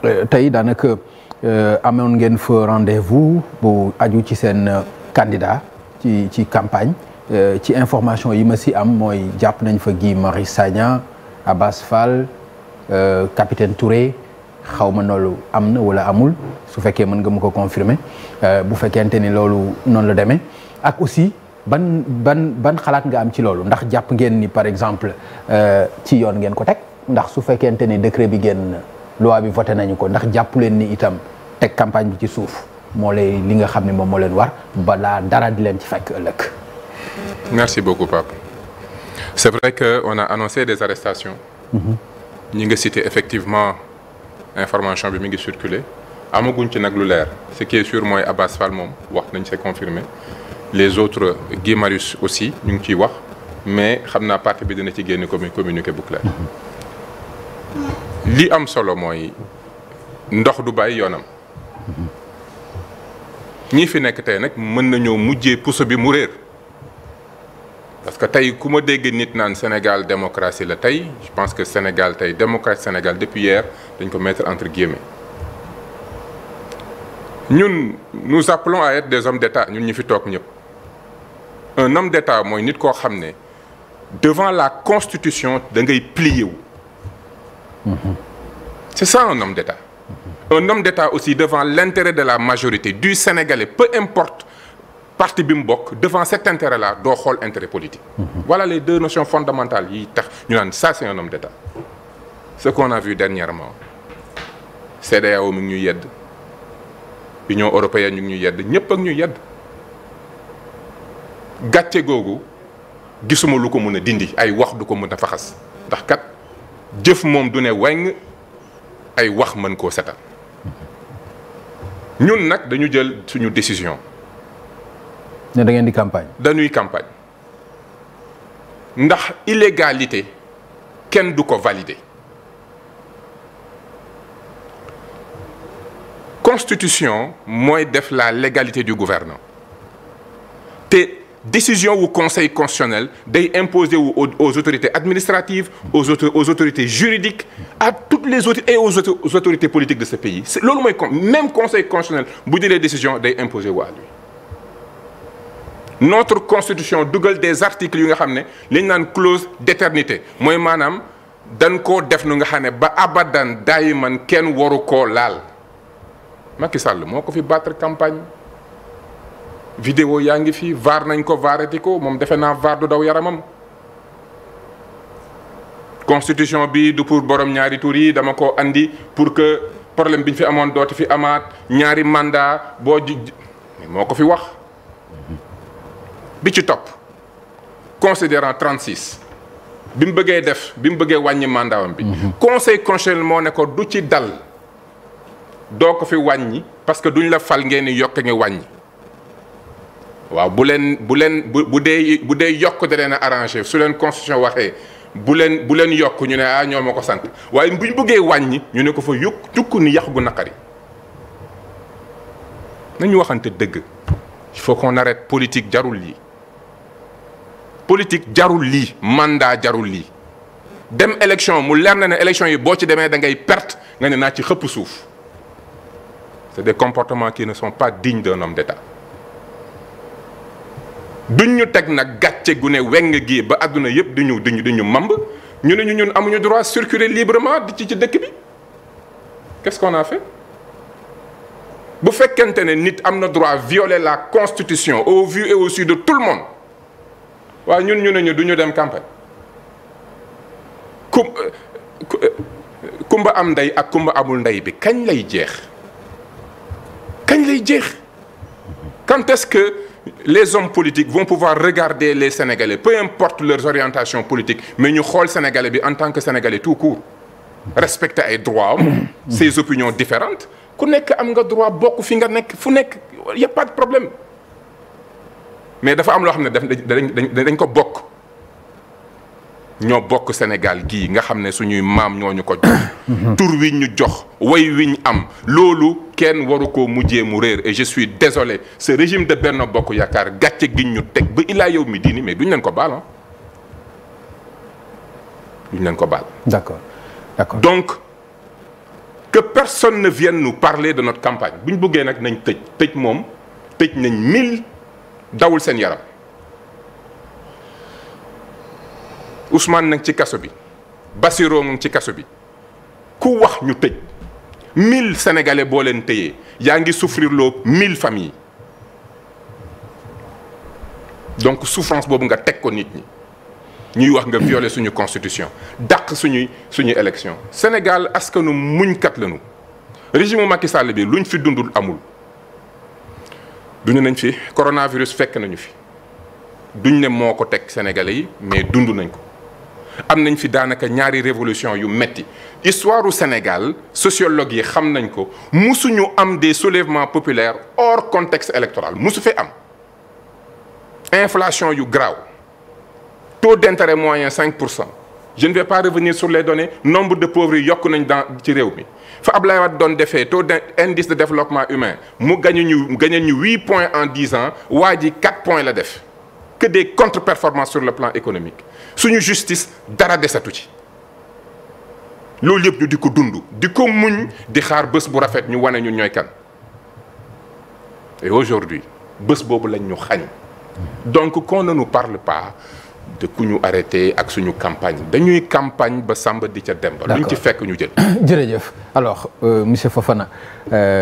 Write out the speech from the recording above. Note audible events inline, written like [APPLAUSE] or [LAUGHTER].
Euh, tey daanaka euh, amoon ngeen fa rendez-vous bu aju ci seen euh, candidat ci ci campagne ci information yi ma si am mooy jàpp nañ fa Guy Marius Sagna Abass Fall capitaine Touré xawma ma am na wala amul su fekkee mën nga ma ko confirmer bu fekkente ni loolu noonu la demee ak aussi ban ban ban xalaat nga am ci loolu ndax jàpp ngeen ni par exemple ci yoon ngeen ko teg ndax su fekkente ni décret bi génn. loi bi voté nañu ko ndax jàpp leen ni itam teg campagne bi ci suuf moo lay li nga xam ne moom moo leen war balaa dara di leen ci fekk ëllëg. merci beaucoup Pape c'est vrai que on a annoncé des arrestations. Mhm. ñi nga cité effectivement information bi mi ngi circuler amaguñ ci nag lu leer ce qui est sûr mooy Abbas Fall moom wax nañ see confirmé les autres Guy Marius aussi ñu ngi ciy wax mais xam naa parti bi dina ci génn communiqué bu la li am solo mooy ndox du bàyyi yoonam ñii fi nekk tey nag mën nañoo mujjee puso bi mu réer parce que tey ku ma dégg nit naan Sénégal démocratie la tey je pense que Sénégal tey démocratie Sénégal depuis hier dañ ko mettre entre guillemets ñun nous appelons à être des hommes d'État ñun ñu fi toog ñëpp un homme d'État mooy nit koo xam ne devant la constitution da ngay plier wu. Mm-hmm. c'est ça un homme d'État mm-hmm. un homme d'État aussi devant l'intérêt de la majorité du Sénégalais peu importe parti bi mu bokk devant cet intérêt là doo xool intérêt politique mm-hmm. voilà les deux notions fondamentales yi tax ñu naan ça c'est un homme d'État ce qu'on a vu dernièrement CEDEAO mi ngi ñuy yedd Union européenne ñu ngi ñuy yedd ñëpp ak ñuy yedd gàcce googu gisuma lu ko mën a dindi ay wax du ko mën a faxas ndax kat jëf moom du ne weng ay wax mën koo setal ñun nag dañu jël suñu décision. ne da ngeen di campagne. dañuy campagne ndax illégalité kenn du ko valider constitution mooy def la légalité du gouvernant décision wu conseil constitutionnel day imposer wu aux autorités administratives aux aux autorités juridiques à toutes les autres et aux autorités politiques de ce pays loolu mooy comme même conseil constitutionnel bu jëlee décision day imposer wu à lui notre constitution dugal des articles yu nga xam ne li ñu naan clause d'éternité mooy maanaam dan ko def nu nga xam ne ba abadan daayi man kenn waru ko laal Macky Sall moo ko fi battre campagne vidéo yaa ngi fi vaar nañ ko vaarati ko moom defe naa vaar du daw yaramam constitution bi du pour borom ñaari tur yi dama ko andi pour que problème bi ñu fi amoon dootu fi amaat ñaari mandat boo ji moo ko fi wax bi ci topp considérant 36 bi mu bëggee def bi mu bëggee wàññi mandatam bi. Mhm. conseil constitutionnel moo ne ko du ci dal doo ko fi wàññi parce que duñ la fal ngeen yokk nga wàññi. waaw bu leen bu leen bu bu dee bu dee yokk da leen a arrangé su leen constitution waxee bu leen bu leen yokk ñu ne ah ñoo ma ko sant waaye bu ñu bëggee wàññi ñu ne ko fa yokk tukk ni yax gu naqari nañu waxante dëgg foo faut qu'on arrête politique jarul lii politique jarul lii mandat jarul lii dem élection mu leer na ne élection yi boo ci demee da ngay perte nga ne naa ci xëpp suuf c'est de comportement kii ne sont pas dignes d'un nom d'État duñ ñu teg nag gàcce gu ne weng gii ba àdduna yëpp du ñu duñu du ñu mamb ñu ne ñu ñun amuñu droit circuler librement di ci ci dëkk bi qu'est-ce qu'on a fait bu fekkente ne nit am na droit violer la constitution au vu et de tout le monde waaye ñun ñu ne ñu du ñu dem campagne ku kumba am ndey ak kumba amul ndey bi kañ lay jeex kañ lay jeex quand est-ce que les hommes politiques vont pouvoir regarder les Sénégalais, peu importe leurs orientations politiques, mais nous xool les Sénégalais en tant que Sénégalais tout court. Respecter les droits, [COUGHS] ses opinions différentes. Ku nekk am nga droit bokk fi nga nekk fu nekk y a pas de problème mais dafa am loo xam ne dañ dañ dañ ko bokk. ñoo bokk Sénégal gii nga xam ne suñuy maam ñoo ñu ko jox. [COUGHS] tur wi ñu jox way wi ñu am loolu kenn waru koo mujjee mu réer et je suis désolé ce régime de benn Bokk Yaakaar gàcce gi ñu teg ba ilaa yow mi diini mais duñ leen ko baal ah. duñ leen ko baal. d'accord d'accord donc que personne ne vienne nous parler de notre campagne bu ñu buggee nag nañ tëj tëj moom tëj nañ mille dawul seen yaram. Ousmane nag ci kaso bi Bassirou ngi ci kaso bi ku wax ñu tëj mille sénégalais boo leen téyee yaa ngi souffrir loo mille familles donc souffrance boobu nga teg ko nit ñi ñuy wax nga violer suñu constitution dàq suñuy suñu élection Sénégal askanu muñkat lañu régime Macky Sall bi luñ fi dundul amul duñu nañ fi coronavirus fekk nañu fi duñ ne moo ko teg sénégalais yi mais dund nañ ko. am nañ fi daanaka ñaari révolution yu metti histoire Sénégal sociologue yi xam nañ ko musuñu am des soulèvements populaires hors contexte électoral musu fi am inflation yu graaw taux d'intérêt moyen cinq pour cent je ne vais pas revenir sur les données nombre de pauvres yokk nañ dans ci réew mi fa Ablaye Wade doon defee taux d'indice de développement humain mu gañu ñu gañe ñu huit points en dix ans waa ji quatre points la def que des contre-performances sur le plan économique suñu justice dara desatu ci loolu yëpp ñu di ko dund di ko muñ di xaar bés bu rafet ñu wane ñu ñooy kan et aujourd'hui bés boobu lañ ñu xañ donc qu'on ne nous parle pas te ku ñu arrêté ak suñu campagne dañuy campagne ba sàmba di ca dem ba luñ ci fekk ñu jël [COUGHS] jërëjëf alors euh, monsieur Fofana euh,